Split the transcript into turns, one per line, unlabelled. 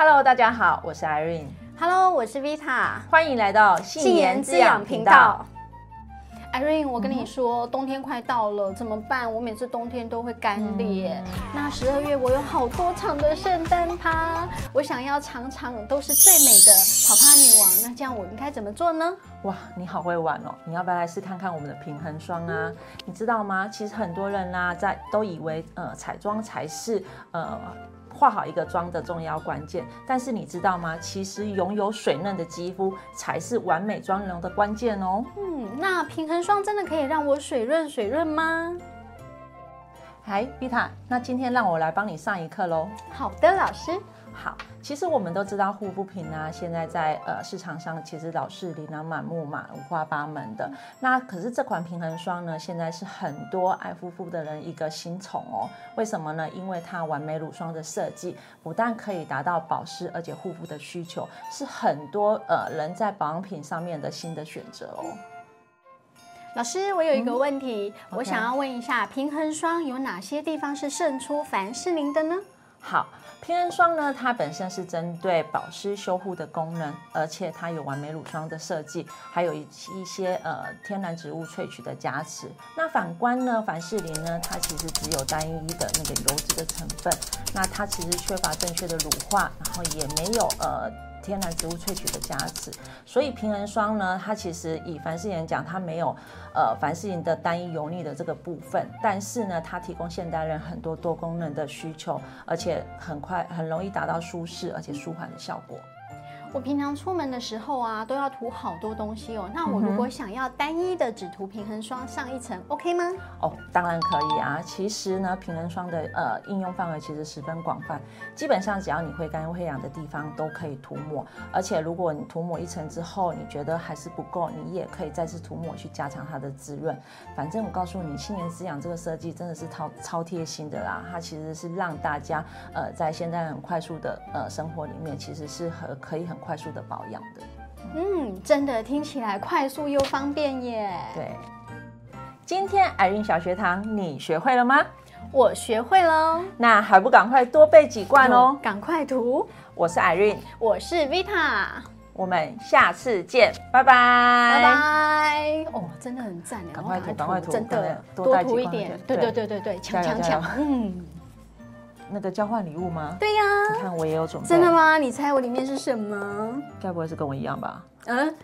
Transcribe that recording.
Hello，大家好，我是 Irene。Hello，我是 Vita。歡迎來到杏顏滋養頻道。
頻道 Irene，我跟你說，嗯、冬天快到了，怎麼辦？我每次冬天都會乾裂。嗯、那十二月我有好多場的聖誕趴、嗯，我想要場場都是最美的跑趴女王。那這樣我應該怎麼
做呢？哇，你好會玩哦！你要不要來試看看我們的平衡霜啊？你知道嗎？其實很多人呢、啊，在都以為呃彩妝才是呃化好一個妝的重要關鍵，但是你知道嗎？其實擁有水嫩的肌膚才是完美妝容的關鍵哦。嗯，那平衡霜真的可以讓我水潤水潤嗎？嗨，碧塔，那今天讓我來幫你上一課嘍。好的，老師。好，其實我們都知道護膚品呢、啊，現在在呃市場上其實老是琳琅滿目嘛，五花八門的。那可是這款平衡霜呢，現在是很多愛護膚的人一個新寵哦。為什麼呢？因為它完美乳霜的設計，不但可以達到保濕，而且護膚的需求是很多呃人在保養品上面的新的選擇哦。
老師，我有一個問題，嗯 okay. 我想要問一下，平衡霜有哪些地方是勝出凡士林的呢？
好，平衡霜呢，它本身是針對保濕修護的功能，而且它有完美乳霜的設計，還有一些呃天然植物萃取的加持。那反觀呢，凡士林呢，它其實只有單一的那個油脂的成分，那它其實缺乏正確的乳化，然後也沒有呃。天然植物萃取的加持，所以平衡霜呢，它其實以凡士林講，它沒有呃凡士林的單一油膩的這個部分，但是呢，它提供現代人很多多功能的需求，而且很快很容易達到舒適而且舒緩的效果。
我平常出門的時候啊，都要塗好多東西哦。那我如果想要單一的只塗平衡霜上一層，OK 嗎？
哦，當然可以啊。其實呢，平衡霜的呃應用範圍其實十分廣泛，基本上只要你會乾會癢的地方都可以塗抹。而且如果你塗抹一層之後，你覺得還是不夠，你也可以再次塗抹去加強它的滋潤。反正我告訴你，杏顏滋養這個設計真的是超超貼心的啦。它其實是讓大家呃在現在很快速的呃生活裡面，其實是和可以很。快速的保養的，
嗯，真的聽起來快速又方便耶。
對，今天艾韻小學堂你學會了嗎？我學會嘍，那還不趕快多備幾罐哦，趕快塗！我是艾韻，我是 Vita，我們下次見，拜拜拜拜。
哦，真的很讚，
趕快塗，趕快塗，真的多塗一點。對對對對對，搶搶搶！嗯。那個交換禮物嗎？對呀、啊，你看我也有準備。真
的嗎？你猜我裡面是什麼？
該不會是跟我一樣吧？
嗯。